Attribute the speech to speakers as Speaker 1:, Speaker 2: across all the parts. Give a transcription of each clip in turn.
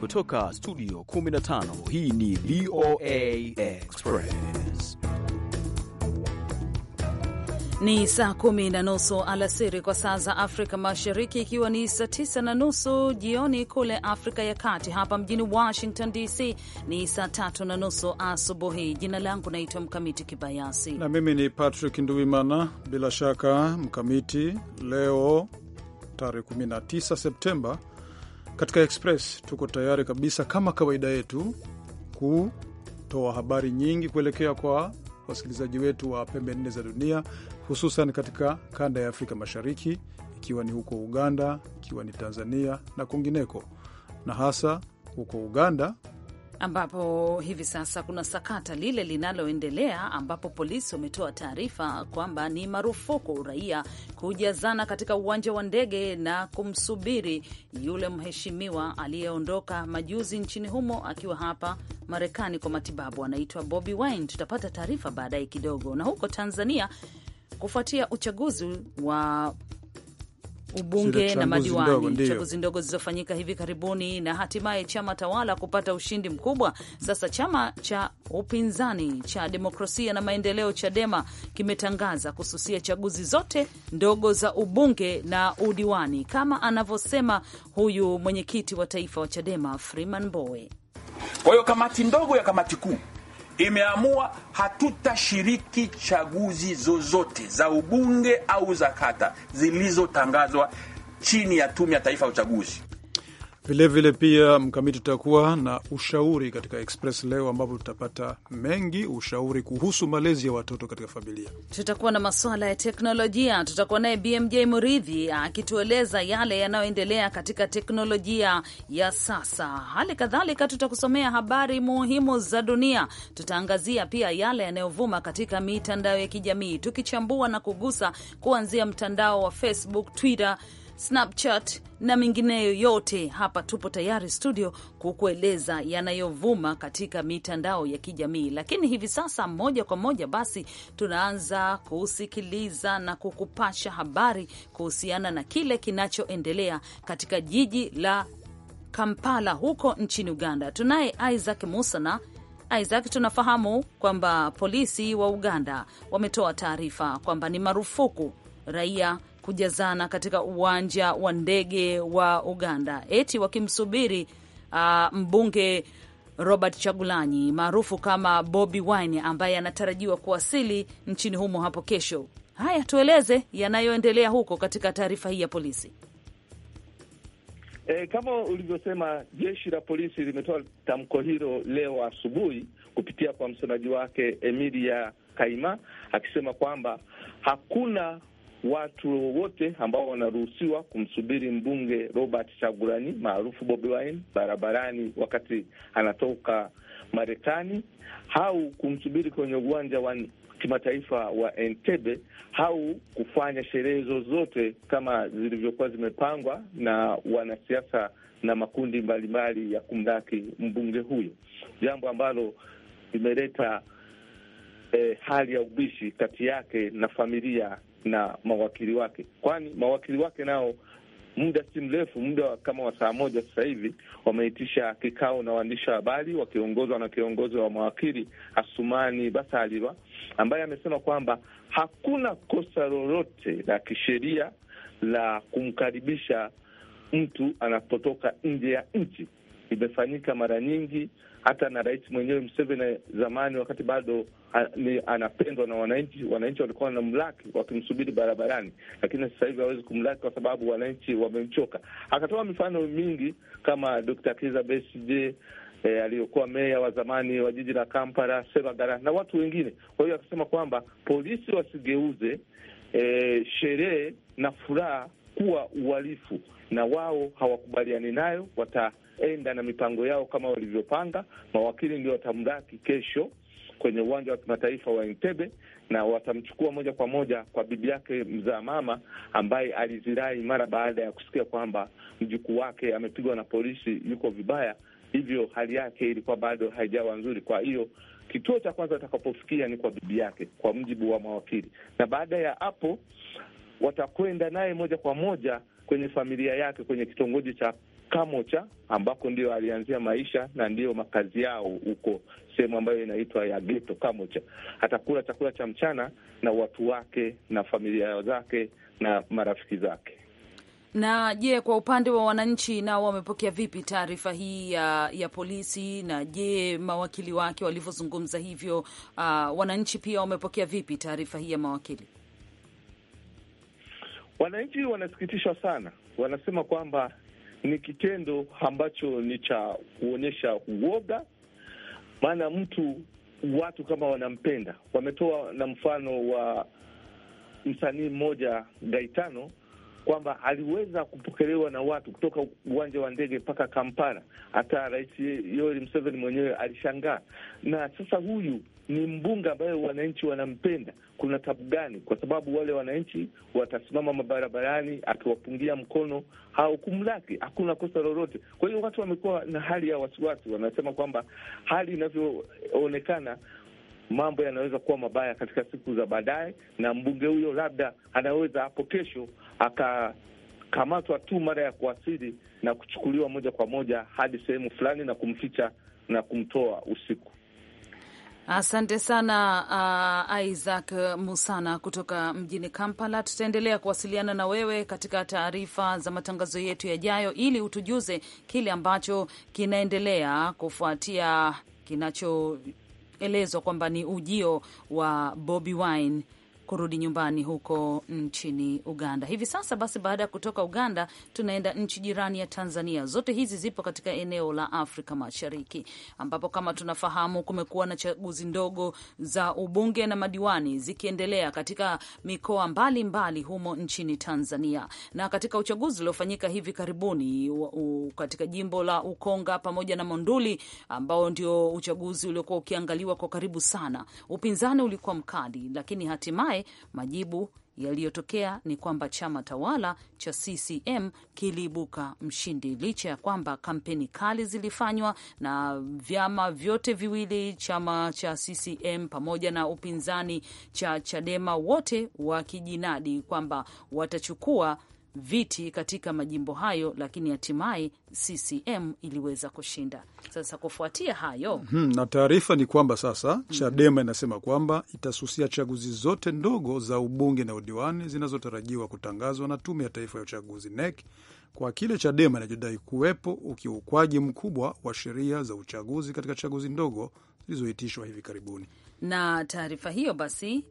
Speaker 1: Kutoka studio 15 hii ni VOA Express.
Speaker 2: Ni saa kumi na nusu alasiri kwa saa za Afrika Mashariki, ikiwa ni saa tisa na nusu jioni kule Afrika ya Kati. Hapa mjini Washington DC ni saa tatu na nusu asubuhi. Jina langu naitwa
Speaker 3: Mkamiti Kibayasi na mimi ni Patrick nduimana Bila shaka Mkamiti, leo tarehe 19 Septemba katika Express tuko tayari kabisa kama kawaida yetu kutoa habari nyingi kuelekea kwa wasikilizaji wetu wa pembe nne za dunia, hususan katika kanda ya Afrika Mashariki, ikiwa ni huko Uganda, ikiwa ni Tanzania na kwingineko, na hasa huko Uganda
Speaker 2: ambapo hivi sasa kuna sakata lile linaloendelea ambapo polisi wametoa taarifa kwamba ni marufuku raia kujazana katika uwanja wa ndege na kumsubiri yule mheshimiwa aliyeondoka majuzi nchini humo akiwa hapa Marekani kwa matibabu, anaitwa Bobi Wine. Tutapata taarifa baadaye kidogo. Na huko Tanzania kufuatia uchaguzi wa ubunge na madiwani, chaguzi ndogo zilizofanyika hivi karibuni na hatimaye chama tawala kupata ushindi mkubwa. Sasa chama cha upinzani cha demokrasia na maendeleo CHADEMA kimetangaza kususia chaguzi zote ndogo za ubunge na udiwani, kama anavyosema huyu mwenyekiti wa taifa wa CHADEMA Freeman Mbowe.
Speaker 1: Kwa hiyo kamati ndogo ya kamati kuu imeamua hatutashiriki chaguzi zozote za ubunge au za kata zilizotangazwa chini ya Tume ya Taifa ya Uchaguzi.
Speaker 3: Vilevile pia Mkamiti, tutakuwa na ushauri katika Express leo, ambapo tutapata mengi, ushauri kuhusu malezi ya watoto katika familia.
Speaker 2: Tutakuwa na masuala ya teknolojia, tutakuwa naye BMJ Muridhi akitueleza yale yanayoendelea katika teknolojia ya sasa. Hali kadhalika tutakusomea habari muhimu za dunia, tutaangazia pia yale yanayovuma katika mitandao ya kijamii, tukichambua na kugusa kuanzia mtandao wa Facebook, Twitter Snapchat na mingineyo yote. Hapa tupo tayari studio kukueleza yanayovuma katika mitandao ya kijamii, lakini hivi sasa moja kwa moja basi tunaanza kusikiliza na kukupasha habari kuhusiana na kile kinachoendelea katika jiji la Kampala huko nchini Uganda. Tunaye Isaac Musana. Isaac, tunafahamu kwamba polisi wa Uganda wametoa taarifa kwamba ni marufuku raia kujazana katika uwanja wa ndege wa Uganda eti wakimsubiri uh, mbunge Robert Chagulanyi maarufu kama Bobi Wine ambaye anatarajiwa kuwasili nchini humo hapo kesho. Haya, tueleze yanayoendelea huko katika taarifa hii ya polisi.
Speaker 4: E, kama ulivyosema, jeshi la polisi limetoa tamko hilo leo asubuhi kupitia kwa msemaji wake Emilia Kaima akisema kwamba hakuna watu wote ambao wanaruhusiwa kumsubiri mbunge Robert Chagurani maarufu Bobi Wine barabarani wakati anatoka Marekani au kumsubiri kwenye uwanja wa kimataifa wa Entebbe au kufanya sherehe zozote kama zilivyokuwa zimepangwa na wanasiasa na makundi mbalimbali ya kumlaki mbunge huyo, jambo ambalo limeleta eh, hali ya ubishi kati yake na familia na mawakili wake, kwani mawakili wake nao muda si mrefu, muda kama wa saa moja sasa hivi wameitisha kikao na waandishi wa habari wakiongozwa na kiongozi wa mawakili Asumani Basalirwa ambaye amesema kwamba hakuna kosa lolote la kisheria la kumkaribisha mtu anapotoka nje ya nchi imefanyika mara nyingi, hata na rais mwenyewe Museveni zamani, wakati bado a, ni anapendwa na wananchi, wananchi walikuwa mlaki wakimsubiri barabarani, lakini sasa hivi hawezi kumlaki kwa sababu wananchi wamemchoka. Akatoa mifano mingi kama Dr. Kizza Besigye E, aliyokuwa meya wa zamani wa jiji la Kampala Sebagala na watu wengine. Kwa hiyo akasema kwamba polisi wasigeuze e, sherehe na furaha kuwa uhalifu, na wao hawakubaliani nayo, wata enda na mipango yao kama walivyopanga. Mawakili ndio watamlaki kesho kwenye uwanja wa kimataifa wa Entebbe na watamchukua moja kwa moja kwa bibi yake mzaa mama ambaye alizirai mara baada ya kusikia kwamba mjukuu wake amepigwa na polisi, yuko vibaya, hivyo hali yake ilikuwa bado haijawa nzuri. Kwa hiyo kituo cha kwanza atakapofikia ni kwa bibi yake, kwa mujibu wa mawakili, na baada ya hapo watakwenda naye moja kwa moja kwenye familia yake kwenye kitongoji cha Kamocha ambako ndio alianzia maisha na ndio makazi yao huko sehemu ambayo inaitwa ya geto Kamocha. Atakula chakula cha mchana na watu wake na familia zake na marafiki zake.
Speaker 2: Na je, kwa upande wa wananchi nao wamepokea vipi taarifa hii ya, ya polisi? Na je, mawakili wake walivyozungumza hivyo, uh, wananchi pia wamepokea vipi taarifa hii ya mawakili?
Speaker 4: Wananchi wanasikitishwa sana, wanasema kwamba ni kitendo ambacho ni cha kuonyesha uoga, maana mtu watu kama wanampenda. Wametoa na mfano wa msanii mmoja Gaitano kwamba aliweza kupokelewa na watu kutoka uwanja wa ndege mpaka Kampala. Hata Rais Yoweri Museveni mwenyewe alishangaa. Na sasa huyu ni mbunge ambaye wananchi wanampenda, kuna tabu gani? Kwa sababu wale wananchi watasimama mabarabarani akiwapungia mkono au kumlaki, hakuna kosa lolote. Kwa hiyo watu wamekuwa na hali ya wasiwasi, wanasema kwamba hali inavyoonekana mambo yanaweza kuwa mabaya katika siku za baadaye, na mbunge huyo labda anaweza hapo kesho akakamatwa tu mara ya kuasili na kuchukuliwa moja kwa moja hadi sehemu fulani na kumficha na kumtoa usiku.
Speaker 2: Asante sana uh, Isaac Musana kutoka mjini Kampala. Tutaendelea kuwasiliana na wewe katika taarifa za matangazo yetu yajayo, ili utujuze kile ambacho kinaendelea kufuatia kinachoelezwa kwamba ni ujio wa Bobi Wine kurudi nyumbani huko nchini Uganda. Hivi sasa basi, baada ya kutoka Uganda, tunaenda nchi jirani ya Tanzania. Zote hizi zipo katika eneo la Afrika Mashariki, ambapo kama tunafahamu kumekuwa na chaguzi ndogo za ubunge na madiwani zikiendelea katika mikoa mbalimbali mbali humo nchini Tanzania, na katika uchaguzi uliofanyika hivi karibuni u, u, katika jimbo la Ukonga pamoja na Monduli, ambao ndio uchaguzi uliokuwa ukiangaliwa kwa karibu sana, upinzani ulikuwa mkali, lakini hatimaye baadaye majibu yaliyotokea ni kwamba chama tawala cha CCM kiliibuka mshindi licha ya kwamba kampeni kali zilifanywa na vyama vyote viwili, chama cha CCM pamoja na upinzani cha Chadema, wote wakijinadi kwamba watachukua viti katika majimbo hayo, lakini hatimaye CCM iliweza kushinda. Sasa kufuatia hayo
Speaker 3: hmm, na taarifa ni kwamba sasa mhm. Chadema hmm, inasema kwamba itasusia chaguzi zote ndogo za ubunge na udiwani zinazotarajiwa kutangazwa na Tume ya Taifa ya Uchaguzi NEC kwa kile Chadema inachodai kuwepo ukiukwaji mkubwa wa sheria za uchaguzi katika chaguzi ndogo zilizoitishwa hivi karibuni.
Speaker 2: Na taarifa hiyo basi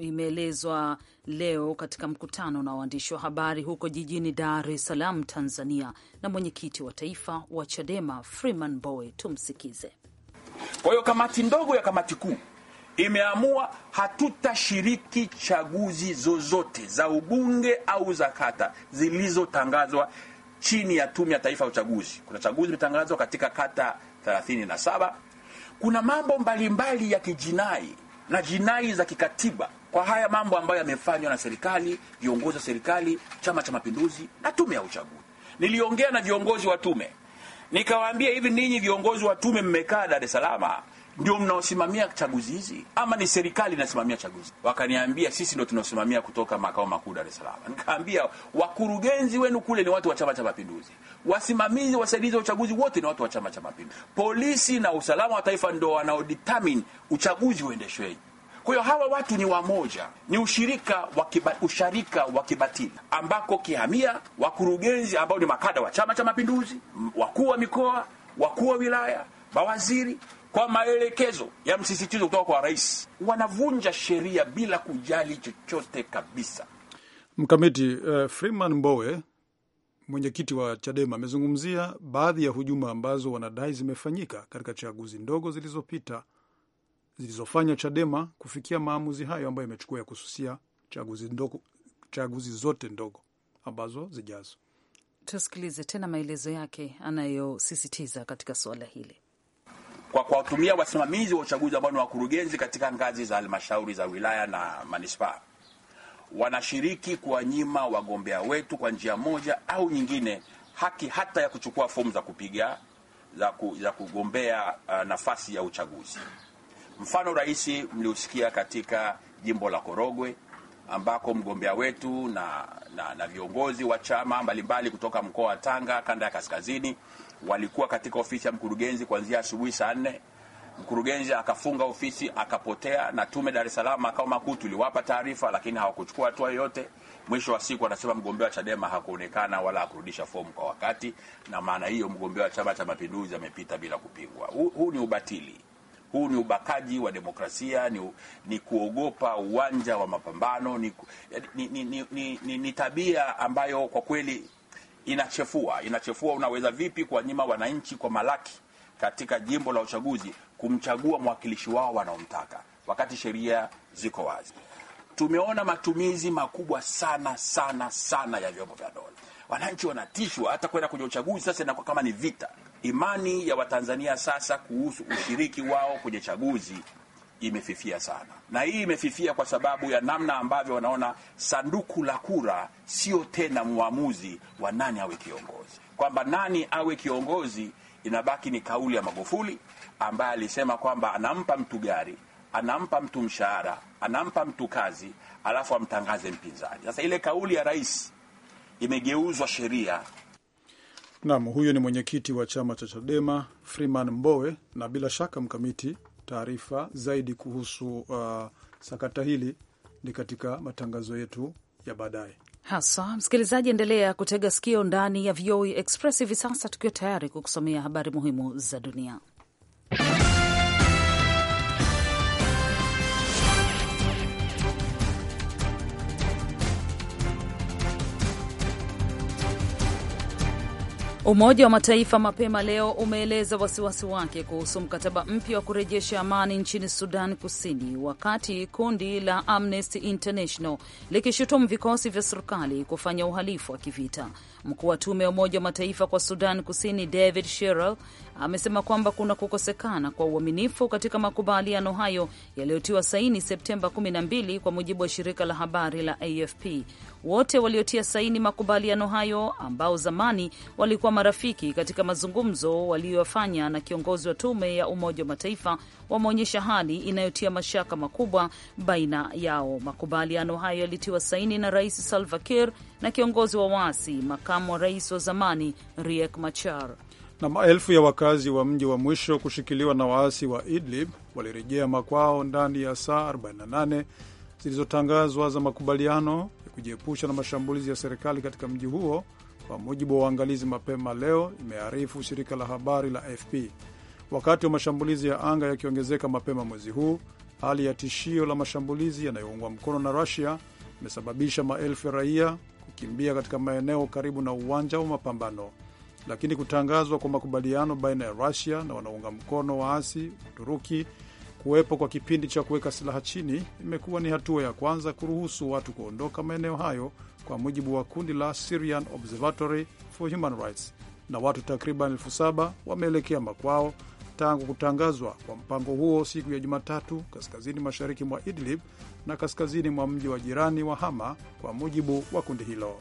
Speaker 2: imeelezwa leo katika mkutano na waandishi wa habari huko jijini Dar es Salaam, Tanzania, na mwenyekiti wa taifa wa CHADEMA Freeman Mbowe. Tumsikize.
Speaker 1: Kwa hiyo kamati ndogo ya kamati kuu imeamua hatutashiriki chaguzi zozote za ubunge au za kata zilizotangazwa chini ya Tume ya Taifa ya Uchaguzi. Kuna chaguzi imetangazwa katika kata 37. Kuna mambo mbalimbali mbali ya kijinai na jinai za kikatiba kwa haya mambo ambayo yamefanywa na serikali, viongozi wa serikali, Chama cha Mapinduzi na tume ya uchaguzi. Niliongea na viongozi wa tume nikawaambia, hivi ninyi viongozi wa tume mmekaa Dar es Salaam, ndio mnaosimamia chaguzi hizi ama ni serikali inasimamia chaguzi? Wakaniambia sisi ndio tunaosimamia kutoka makao makuu Dar es Salaam. Nikaambia wakurugenzi wenu kule ni watu wa Chama cha Mapinduzi, wasimamizi wasaidizi wa uchaguzi wote ni watu wa Chama cha Mapinduzi, polisi na usalama wa taifa ndio wanaodetermine uchaguzi uendeshweje. Kwa hiyo hawa watu ni wamoja, ni ushirika wa usharika wa kibatili ambako kihamia wakurugenzi ambao ni makada wa Chama cha Mapinduzi, wakuu wa mikoa, wakuu wa wilaya, mawaziri kwa maelekezo ya msisitizo kutoka kwa rais, wanavunja sheria bila kujali chochote kabisa.
Speaker 3: Mkamiti uh, Freeman Mbowe mwenyekiti wa Chadema amezungumzia baadhi ya hujuma ambazo wanadai zimefanyika katika chaguzi ndogo zilizopita zilizofanya Chadema kufikia maamuzi hayo ambayo imechukua ya kususia chaguzi ndogo, chaguzi zote ndogo ambazo zijazo.
Speaker 2: Tusikilize tena maelezo yake anayosisitiza katika suala hili
Speaker 1: kwa kuwatumia wasimamizi wa uchaguzi ambao ni wakurugenzi katika ngazi za halmashauri za wilaya na manispaa, wanashiriki kuwanyima wagombea wetu kwa njia moja au nyingine haki hata ya kuchukua fomu za kupiga za, ku, za kugombea uh, nafasi ya uchaguzi. Mfano rahisi mliosikia katika jimbo la Korogwe ambako mgombea wetu na, na, na viongozi wa chama mbalimbali kutoka mkoa wa Tanga kanda ya kaskazini walikuwa katika ofisi ya mkurugenzi kuanzia asubuhi saa nne. Mkurugenzi akafunga ofisi akapotea, na tume Dar es Salaam makao makuu tuliwapa taarifa, lakini hawakuchukua hatua yoyote. Mwisho wa siku anasema mgombea wa Chadema hakuonekana wala hakurudisha fomu kwa wakati, na maana hiyo mgombea wa Chama cha Mapinduzi amepita bila kupingwa. Huu, huu ni ubatili, huu ni ubakaji wa demokrasia, ni, ni kuogopa uwanja wa mapambano, ni, ni, ni, ni, ni, ni, ni tabia ambayo kwa kweli inachefua inachefua. Unaweza vipi kuwanyima wananchi kwa malaki katika jimbo la uchaguzi kumchagua mwakilishi wao wanaomtaka wakati sheria ziko wazi? Tumeona matumizi makubwa sana sana sana ya vyombo vya dola. Wananchi wanatishwa hata kwenda kwenye uchaguzi, sasa inakuwa kama ni vita. Imani ya Watanzania sasa kuhusu ushiriki wao kwenye chaguzi imefifia sana, na hii imefifia kwa sababu ya namna ambavyo wanaona sanduku la kura sio tena mwamuzi wa nani awe kiongozi, kwamba nani awe kiongozi inabaki ni kauli ya Magufuli ambaye alisema kwamba anampa mtu gari, anampa mtu mshahara, anampa mtu kazi, alafu amtangaze mpinzani. Sasa ile kauli ya rais imegeuzwa sheria.
Speaker 3: Naam, huyo ni mwenyekiti wa chama cha Chadema Freeman Mbowe, na bila shaka mkamiti taarifa zaidi kuhusu uh, sakata hili ni katika matangazo yetu ya baadaye haswa. Msikilizaji,
Speaker 2: endelea kutega sikio ndani ya VOA e Express hivi sasa, tukiwa tayari kukusomea habari muhimu za dunia. Umoja wa Mataifa mapema leo umeeleza wasiwasi wake kuhusu mkataba mpya wa kurejesha amani nchini Sudan Kusini, wakati kundi la Amnesty International likishutumu vikosi vya serikali kufanya uhalifu wa kivita. Mkuu wa tume ya Umoja wa Mataifa kwa Sudan Kusini David sherel amesema kwamba kuna kukosekana kwa uaminifu katika makubaliano hayo yaliyotiwa saini Septemba 12 kwa mujibu wa shirika la habari la AFP. Wote waliotia saini makubaliano hayo ambao zamani walikuwa marafiki katika mazungumzo waliyofanya na kiongozi wa tume ya Umoja wa Mataifa wameonyesha hali inayotia mashaka makubwa baina yao. Makubaliano hayo yalitiwa saini na Rais Salva Kiir na kiongozi wa waasi, makamu wa rais wa zamani Riek Machar.
Speaker 3: Na maelfu ya wakazi wa mji wa mwisho kushikiliwa na waasi wa Idlib walirejea makwao ndani ya saa 48 zilizotangazwa za makubaliano ya kujiepusha na mashambulizi ya serikali katika mji huo, kwa mujibu wa uangalizi mapema leo, imearifu shirika la habari la fp Wakati wa mashambulizi ya anga yakiongezeka mapema mwezi huu, hali ya tishio la mashambulizi yanayoungwa mkono na Rusia imesababisha maelfu ya raia kukimbia katika maeneo karibu na uwanja wa mapambano lakini kutangazwa kwa makubaliano baina ya Rusia na wanaunga mkono waasi Uturuki kuwepo kwa kipindi cha kuweka silaha chini imekuwa ni hatua ya kwanza kuruhusu watu kuondoka maeneo hayo, kwa mujibu wa kundi la Syrian Observatory for Human Rights, na watu takriban elfu saba wameelekea makwao tangu kutangazwa kwa mpango huo siku ya Jumatatu kaskazini mashariki mwa Idlib na kaskazini mwa mji wa jirani wa Hama, kwa mujibu wa kundi hilo.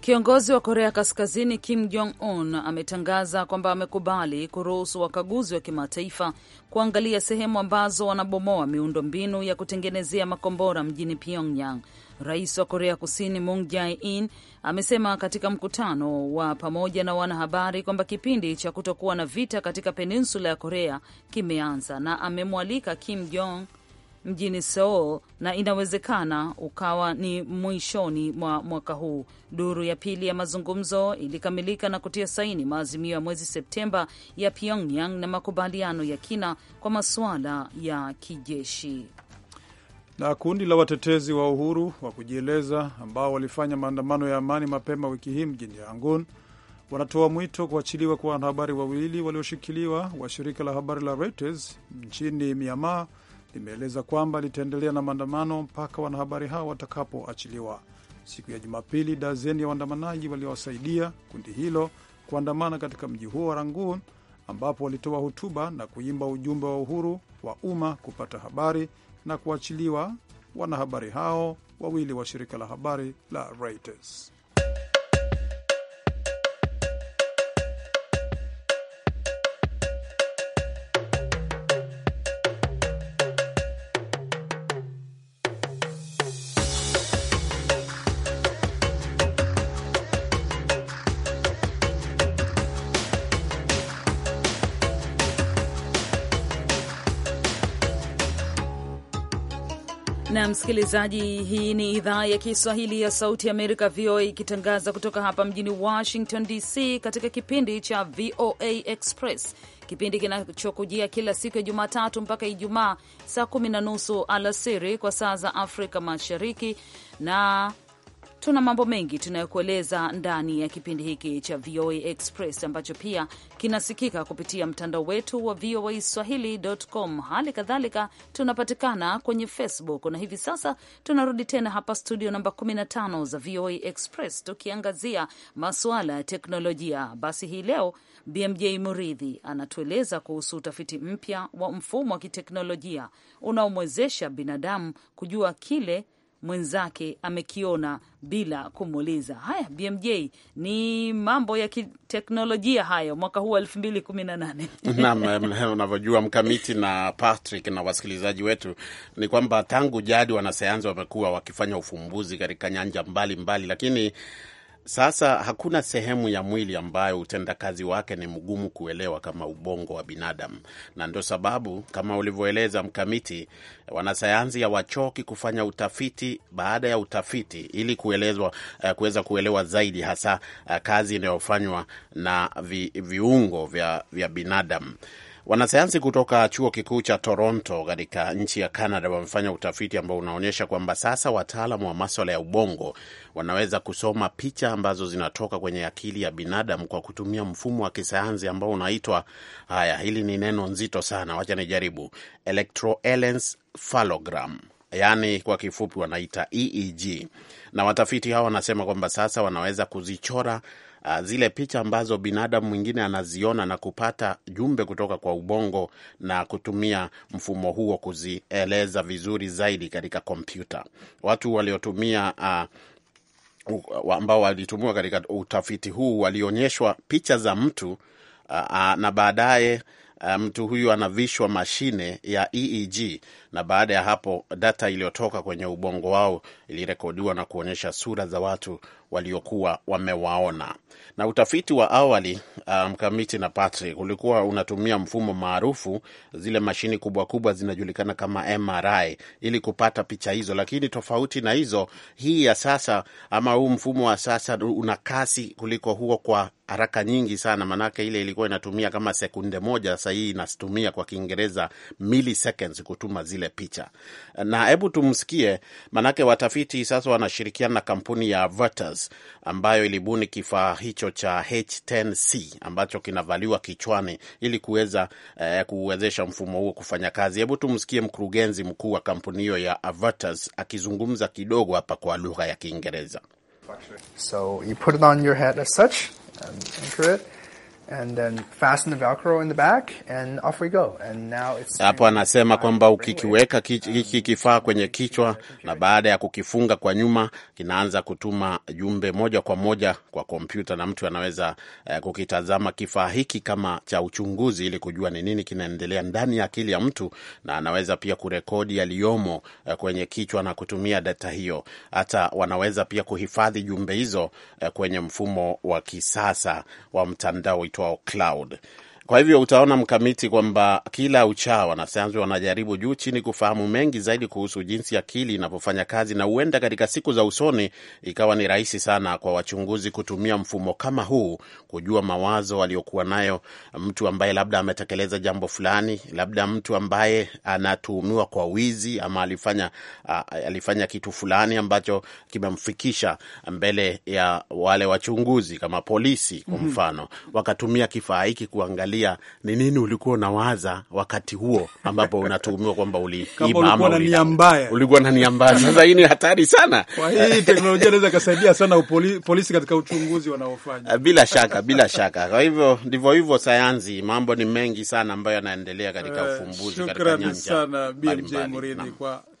Speaker 2: Kiongozi wa Korea Kaskazini Kim Jong Un ametangaza kwamba amekubali kuruhusu wakaguzi wa kimataifa kuangalia sehemu ambazo wanabomoa miundo mbinu ya kutengenezea makombora mjini Pyongyang. Rais wa Korea Kusini Moon Jae-in amesema katika mkutano wa pamoja na wanahabari kwamba kipindi cha kutokuwa na vita katika peninsula ya Korea kimeanza na amemwalika Kim Jong mjini Seoul na inawezekana ukawa ni mwishoni mwa mwaka huu. Duru ya pili ya mazungumzo ilikamilika na kutia saini maazimio ya mwezi Septemba ya Pyongyang na makubaliano ya kina kwa masuala ya kijeshi.
Speaker 3: Na kundi la watetezi wa uhuru wa kujieleza ambao walifanya maandamano ya amani mapema wiki hii mjini Yangon wanatoa mwito kuachiliwa kwa wanahabari wawili walioshikiliwa wa shirika la habari la Reuters nchini Myanmar limeeleza kwamba litaendelea na maandamano mpaka wanahabari hao watakapoachiliwa. Siku ya Jumapili, dazeni ya waandamanaji waliowasaidia kundi hilo kuandamana katika mji huo wa Rangun, ambapo walitoa hotuba na kuimba ujumbe wa uhuru wa umma kupata habari na kuachiliwa wanahabari hao wawili wa shirika la habari la Reuters.
Speaker 2: na msikilizaji, hii ni idhaa ya Kiswahili ya Sauti ya Amerika, VOA, ikitangaza kutoka hapa mjini Washington DC, katika kipindi cha VOA Express, kipindi kinachokujia kila siku ya Jumatatu mpaka Ijumaa saa kumi na nusu alasiri kwa saa za Afrika Mashariki na Tuna mambo mengi tunayokueleza ndani ya kipindi hiki cha VOA Express ambacho pia kinasikika kupitia mtandao wetu wa VOA Swahili.com. Hali kadhalika tunapatikana kwenye Facebook, na hivi sasa tunarudi tena hapa studio namba 15 za VOA Express tukiangazia masuala ya teknolojia. Basi hii leo BMJ Muridhi anatueleza kuhusu utafiti mpya wa mfumo wa kiteknolojia unaomwezesha binadamu kujua kile mwenzake amekiona bila kumuuliza. Haya, BMJ, ni mambo ya kiteknolojia hayo, mwaka huu wa elfu mbili kumi na nane. Naam,
Speaker 5: unavyojua Mkamiti na Patrick na wasikilizaji wetu ni kwamba tangu jadi wanasayansi wamekuwa wakifanya ufumbuzi katika nyanja mbalimbali mbali, lakini sasa hakuna sehemu ya mwili ambayo utendakazi wake ni mgumu kuelewa kama ubongo wa binadamu, na ndio sababu kama ulivyoeleza Mkamiti, wanasayansi hawachoki kufanya utafiti baada ya utafiti ili kuelezwa eh, kuweza kuelewa zaidi, hasa eh, kazi inayofanywa na vi, viungo vya, vya binadamu. Wanasayansi kutoka chuo kikuu cha Toronto katika nchi ya Canada wamefanya utafiti ambao unaonyesha kwamba sasa wataalamu wa maswala ya ubongo wanaweza kusoma picha ambazo zinatoka kwenye akili ya binadamu kwa kutumia mfumo wa kisayansi ambao unaitwa, haya, hili ni neno nzito sana, wacha nijaribu, electroencephalogram yaani kwa kifupi wanaita EEG, na watafiti hao wanasema kwamba sasa wanaweza kuzichora uh, zile picha ambazo binadamu mwingine anaziona na kupata jumbe kutoka kwa ubongo na kutumia mfumo huo kuzieleza vizuri zaidi katika kompyuta. Watu waliotumia uh, ambao walitumiwa katika utafiti huu walionyeshwa picha za mtu uh, uh na baadaye Eh, mtu um, huyu anavishwa mashine ya EEG na baada ya hapo data iliyotoka kwenye ubongo wao ilirekodiwa na kuonyesha sura za watu waliokuwa wamewaona. Na utafiti wa awali uh, mkamiti um, na Patrick ulikuwa unatumia mfumo maarufu, zile mashini kubwa kubwa zinajulikana kama MRI ili kupata picha hizo, lakini tofauti na hizo, hii ya sasa ama huu mfumo wa sasa una kasi kuliko huo kwa haraka nyingi sana, maanake ile ilikuwa inatumia kama sekunde moja, sasa hii inatumia kwa Kiingereza milliseconds kutuma zile picha. Na hebu tumsikie, maanake watafiti sasa wanashirikiana na kampuni ya Vertex Motors ambayo ilibuni kifaa hicho cha H10C ambacho kinavaliwa kichwani ili kuweza eh, kuwezesha mfumo huo kufanya kazi. Hebu tumsikie mkurugenzi mkuu wa kampuni hiyo ya Avatars akizungumza kidogo hapa kwa lugha ya Kiingereza.
Speaker 3: So you put it on your head as such and anchor it And then fasten
Speaker 2: the velcro in the back and off we go. And now it's
Speaker 5: hapo anasema kwamba ukikiweka hiki kifaa kwenye kichwa na baada ya kukifunga kwa nyuma kinaanza kutuma jumbe moja kwa moja kwa kompyuta, na mtu anaweza eh, kukitazama kifaa hiki kama cha uchunguzi ili kujua ni nini kinaendelea ndani ya akili ya mtu, na anaweza pia kurekodi yaliyomo eh, kwenye kichwa na kutumia data hiyo. Hata wanaweza pia kuhifadhi jumbe hizo eh, kwenye mfumo wa kisasa wa mtandao aitwao Cloud. Kwa hivyo utaona mkamiti kwamba kila uchao wanasayansi wanajaribu juu chini kufahamu mengi zaidi kuhusu jinsi akili inavyofanya kazi, na huenda katika siku za usoni ikawa ni rahisi sana kwa wachunguzi kutumia mfumo kama huu kujua mawazo aliyokuwa nayo mtu ambaye labda ametekeleza jambo fulani, labda mtu ambaye anatuhumiwa kwa wizi ama alifanya, alifanya kitu fulani ambacho kimemfikisha mbele ya wale wachunguzi kama polisi, kwa mhm. mfano, wakatumia kifaa hiki kuangalia kuangalia ni nini ulikuwa unawaza wakati huo ambapo unatuhumiwa kwamba uliiba ulikuwa na nia mbaya. Sasa hii ni hatari sana. Kwa hii teknolojia
Speaker 3: inaweza sana polisi katika uchunguzi wanaofanya. Eh, bila shaka,
Speaker 5: bila shaka. Kwa hivyo ndivyo hivyo sayansi, mambo ni mengi sana ambayo yanaendelea katika eh, ufumbuzi katika nyanja.
Speaker 3: Shukrani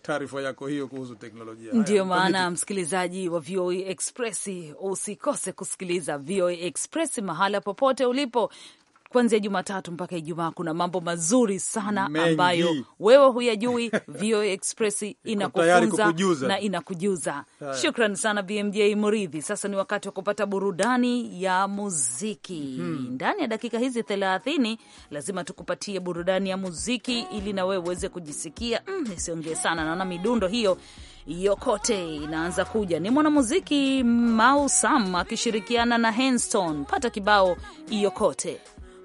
Speaker 3: taarifa yako hiyo kuhusu teknolojia. maana
Speaker 2: msikilizaji wa VOA e Express, usikose kusikiliza VOA e Express mahala popote ulipo kuanzia Jumatatu mpaka Ijumaa kuna mambo mazuri sana Mengi, ambayo wewe huyajui. VOA Express inakufunza na inakujuza. Shukran sana BMJ Muridhi. Sasa ni wakati wa kupata burudani ya muziki hmm. Ndani ya dakika hizi thelathini lazima tukupatie burudani ya muziki ili na wewe uweze kujisikia mm, nisiongee sana, naona midundo hiyo yokote inaanza kuja. Ni mwanamuziki Mau Sam akishirikiana na Henston. Pata kibao iyokote.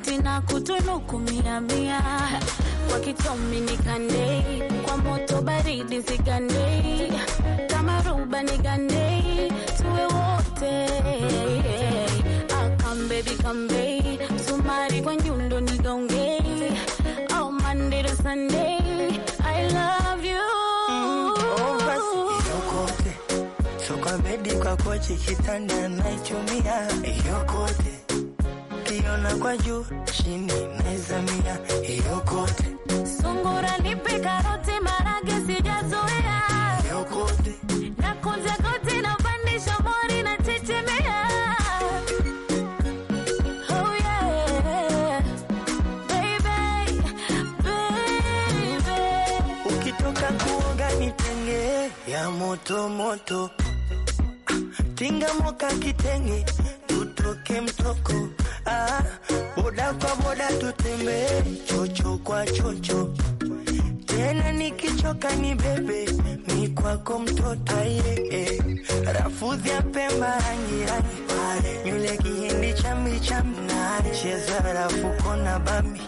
Speaker 2: bahati na kutunuku mia mia kwa kitomi ni kandei kwa moto baridi zigandei kama ruba ni gandei tuwe wote akambebi ah, kambei msumari kwa nyundo ni gongei au oh, Monday to I love you mm,
Speaker 6: oh, soka bedi kwa yokote niliona kwa juu chini naizamia hiyo kote sungura nipe
Speaker 2: karoti marage sijazoea hiyo kote nakunja koti napandisha na chechemea oh
Speaker 6: yeah. baby, baby. ukitoka kuoga nitenge ya moto moto tinga moka kitenge tutoke mtoko tembe chocho kwa chocho, tena nikichoka ni bebe mi kwako mtoto yeye, eh. rafudhi ya Pemba rangi rangi pale, nyule kihindi chambi chambi, cheza rafu na bambi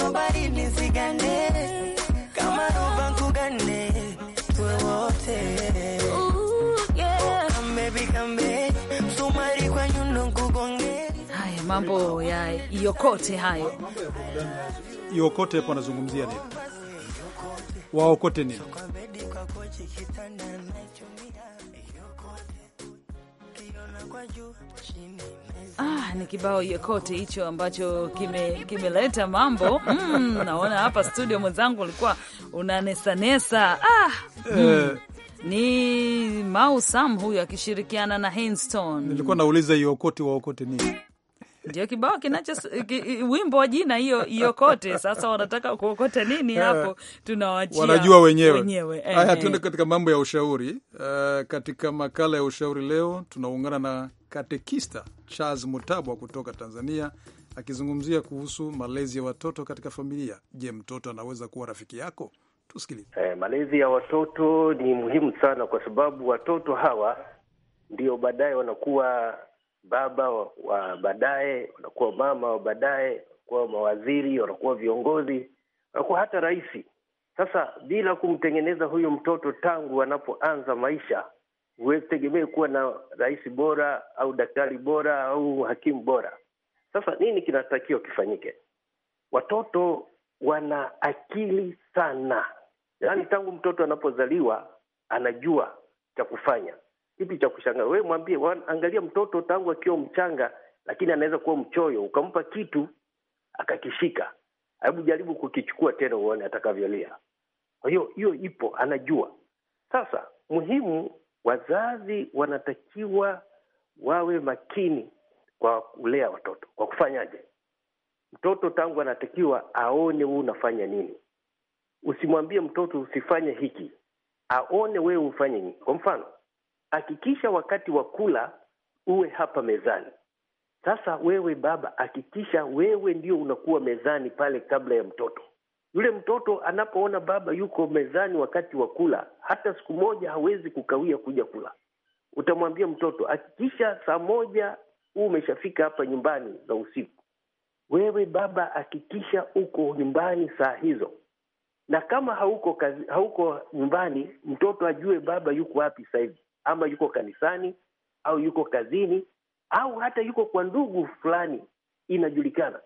Speaker 6: somebody nisigane kama tuwe wote
Speaker 2: mambo ya iokote hayo,
Speaker 3: iokote hapo anazungumzia nini? Waokote
Speaker 2: nini? Ah, ni kibao yekote hicho ambacho kimeleta kime mambo mm, naona hapa studio mwenzangu ulikuwa unanesanesa ah, mm. Eh. Ni Mau Sam huyu akishirikiana na Hinston. Nilikuwa nauliza
Speaker 3: hiyo okoti wa okoti nini?
Speaker 2: ndio kibao kinacho wimbo wa jina hiyo iokote. Sasa wanataka kuokota nini eh, hapo? Tunawachia, wanajua wenyewe, wenyewe. Eh, Haya, eh. tuende
Speaker 3: katika mambo ya ushauri. Uh, katika makala ya ushauri leo tunaungana na katekista Charles Mutabwa kutoka Tanzania akizungumzia kuhusu malezi ya watoto katika familia. Je, mtoto anaweza kuwa rafiki yako?
Speaker 6: Tusikilize. Eh, malezi ya watoto ni muhimu sana, kwa sababu watoto hawa ndio baadaye wanakuwa baba wa baadaye, wanakuwa mama wa baadaye, wanakuwa mawaziri, wanakuwa viongozi, wanakuwa hata rais. Sasa bila kumtengeneza huyu mtoto tangu anapoanza maisha, huwezi kuwa na rais bora au daktari bora au hakimu bora. Sasa nini kinatakiwa kifanyike? Watoto wana akili sana, yaani tangu mtoto anapozaliwa anajua cha kufanya kipi cha kushanga? Wewe mwambie, angalia mtoto tangu akiwa mchanga, lakini anaweza kuwa mchoyo, ukampa kitu akakishika, hebu jaribu kukichukua tena uone atakavyolia. Kwa hiyo hiyo ipo, anajua. Sasa muhimu, wazazi wanatakiwa wawe makini kwa kulea watoto. Kwa kufanyaje? Mtoto tangu anatakiwa aone wewe unafanya nini. Usimwambie mtoto usifanye hiki, aone wewe ufanye nini. Kwa mfano hakikisha wakati wa kula uwe hapa mezani. Sasa wewe baba, hakikisha wewe ndio unakuwa mezani pale kabla ya mtoto. Yule mtoto anapoona baba yuko mezani wakati wa kula, hata siku moja hawezi kukawia kuja kula. Utamwambia mtoto, hakikisha saa moja huu umeshafika hapa nyumbani za usiku. Wewe baba, hakikisha uko nyumbani saa hizo, na kama hauko kazi, hauko nyumbani, mtoto ajue baba yuko wapi sasa hivi ama yuko kanisani au yuko kazini au hata yuko kwa ndugu fulani, inajulikana.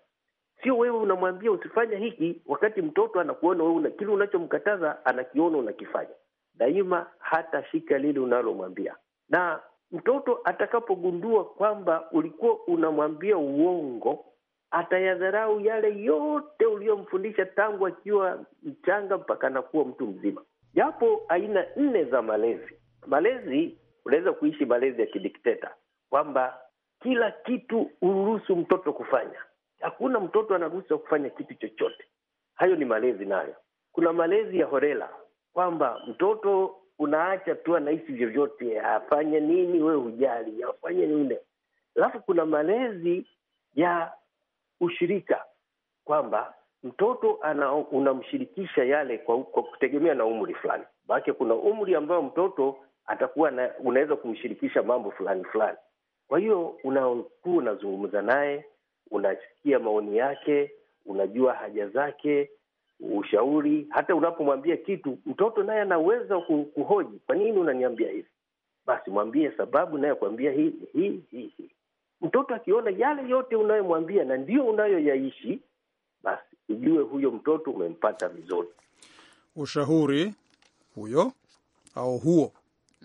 Speaker 6: Sio wewe unamwambia usifanya hiki, wakati mtoto anakuona wewe una kile unachomkataza anakiona unakifanya. Daima hata shika lile unalomwambia, na mtoto atakapogundua kwamba ulikuwa unamwambia uongo, atayadharau yale yote uliyomfundisha tangu akiwa mchanga mpaka anakuwa mtu mzima. Yapo aina nne za malezi. Malezi unaweza kuishi malezi ya kidikteta kwamba kila kitu uruhusu mtoto kufanya, hakuna mtoto anaruhusiwa kufanya kitu chochote. Hayo ni malezi nayo. Kuna malezi ya horela kwamba mtoto unaacha tu anaishi vyovyote, afanye nini wewe hujali, afanye nini. Alafu kuna malezi ya ushirika kwamba mtoto ana, unamshirikisha yale kwa, kwa kutegemea na umri fulani. maake kuna umri ambao mtoto atakuwa na, unaweza kumshirikisha mambo fulani fulani. Kwa hiyo unakuwa unazungumza naye, unasikia maoni yake, unajua haja zake, ushauri. Hata unapomwambia kitu, mtoto naye anaweza kuhoji, kwa nini unaniambia hivi? Basi mwambie sababu naye kuambia hii hii hii hi. Mtoto akiona yale yote unayomwambia na ndio unayoyaishi, basi ujue huyo mtoto umempata vizuri.
Speaker 3: Ushauri huyo au huo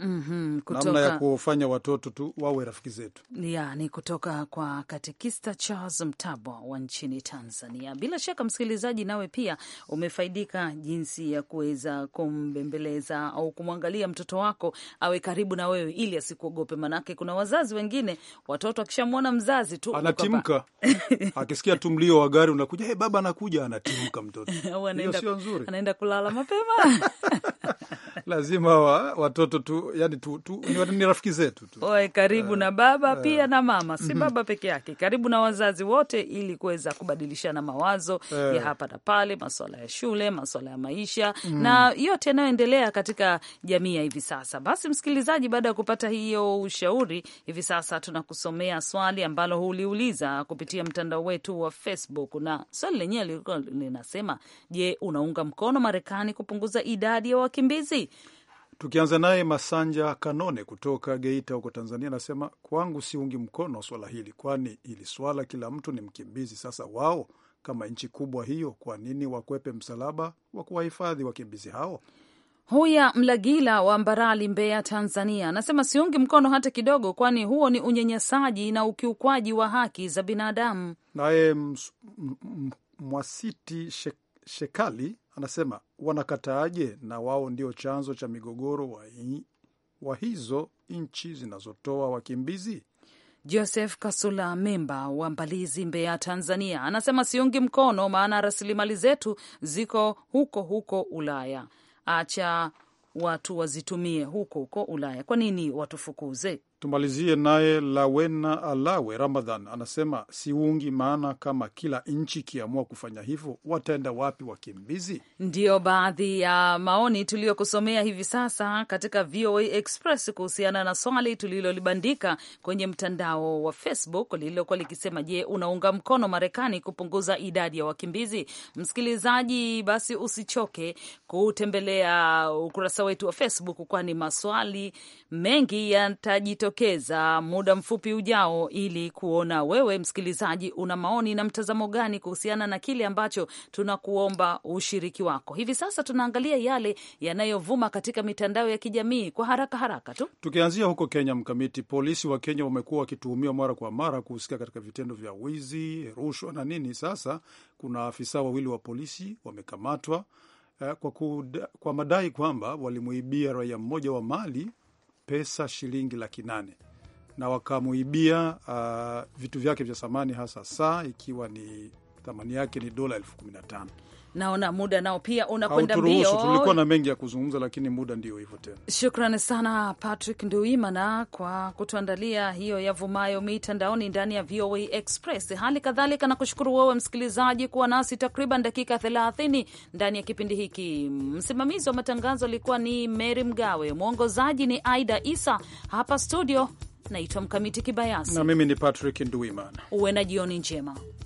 Speaker 3: mm -hmm, kutoka... namna ya kufanya watoto tu wawe rafiki zetu.
Speaker 2: Ya, ni kutoka kwa katekista Charles Mtabwa wa nchini Tanzania. Bila shaka, msikilizaji, nawe pia umefaidika jinsi ya kuweza kumbembeleza au kumwangalia mtoto wako awe karibu na wewe ili asikuogope, manake kuna wazazi wengine watoto akishamwona mzazi tu anatimka
Speaker 3: akisikia tu mlio wa gari unakuja, hey, baba anakuja, anatimka mtoto.
Speaker 2: sio nzuri, anaenda kulala mapema
Speaker 3: lazima wa, watoto tu, yani tu, tu, ni rafiki zetu
Speaker 2: tu. Oe, karibu uh, na baba uh, pia na mama, si mhm. baba uh -huh. peke yake, karibu na wazazi wote, ili kuweza kubadilishana mawazo uh, ya hapa na pale, maswala ya shule, maswala ya maisha uh mm. -huh. na yote yanayoendelea katika jamii ya hivi sasa. Basi msikilizaji, baada ya kupata hiyo ushauri, hivi sasa tunakusomea swali ambalo uliuliza kupitia mtandao wetu wa Facebook, na swali lenyewe lilikuwa linasema: Je, unaunga mkono Marekani kupunguza idadi ya wakimbizi?
Speaker 3: Tukianza naye Masanja Kanone kutoka Geita huko Tanzania, anasema kwangu siungi mkono swala hili, kwani ili swala kila mtu ni mkimbizi. Sasa wao kama nchi kubwa hiyo, kwa nini wakwepe msalaba wa kuwahifadhi wakimbizi hao?
Speaker 2: Huya Mlagila wa Mbarali, Mbeya, Tanzania, anasema siungi mkono hata kidogo, kwani huo ni unyanyasaji na ukiukwaji wa haki za binadamu.
Speaker 3: Naye Mwasiti Shekali anasema wanakataaje? Na wao ndio chanzo cha migogoro wa, wa hizo nchi zinazotoa wakimbizi.
Speaker 2: Joseph Kasula, memba wa Mbalizi, Mbeya, Tanzania, anasema siungi mkono, maana rasilimali zetu ziko huko huko Ulaya. Acha watu wazitumie huko huko Ulaya. Kwa nini watufukuze?
Speaker 3: Tumalizie naye Lawena Alawe Ramadhan anasema siungi, maana kama kila nchi ikiamua kufanya hivyo wataenda wapi wakimbizi?
Speaker 2: Ndiyo baadhi ya maoni tuliyokusomea hivi sasa katika VOA Express kuhusiana na swali tulilolibandika kwenye mtandao wa Facebook lililokuwa likisema, je, unaunga mkono Marekani kupunguza idadi ya wakimbizi? Msikilizaji, basi usichoke kutembelea ukurasa wetu wa Facebook, kwani maswali mengi yatajito kujitokeza muda mfupi ujao, ili kuona wewe msikilizaji una maoni na mtazamo gani kuhusiana na kile ambacho tunakuomba ushiriki wako. Hivi sasa tunaangalia yale yanayovuma katika mitandao ya kijamii kwa haraka haraka tu,
Speaker 3: tukianzia huko Kenya. Mkamiti, polisi wa Kenya wamekuwa wakituhumiwa mara kwa mara kuhusika katika vitendo vya wizi, rushwa na nini. Sasa kuna afisa wawili wa polisi wamekamatwa eh, kwa, kuda, kwa madai kwamba walimuibia raia mmoja wa mali pesa shilingi laki nane na wakamuibia uh, vitu vyake vya samani hasa saa ikiwa ni thamani yake ni dola elfu kumi na tano.
Speaker 2: Naona muda nao pia unakwenda mbio. Tulikuwa
Speaker 3: na mengi ya kuzungumza, lakini muda ndio hivyo tena.
Speaker 2: Shukrani sana Patrick Nduimana kwa kutuandalia hiyo yavumayo mitandaoni ndani ya VOA Express. Hali kadhalika nakushukuru wewe msikilizaji kuwa nasi takriban dakika 30 ndani ya kipindi hiki. Msimamizi wa matangazo alikuwa ni Mary Mgawe, mwongozaji ni Aida Isa. Hapa studio naitwa Mkamiti Kibayasi na
Speaker 3: mimi ni Patrick Nduimana.
Speaker 2: Uwe na jioni njema.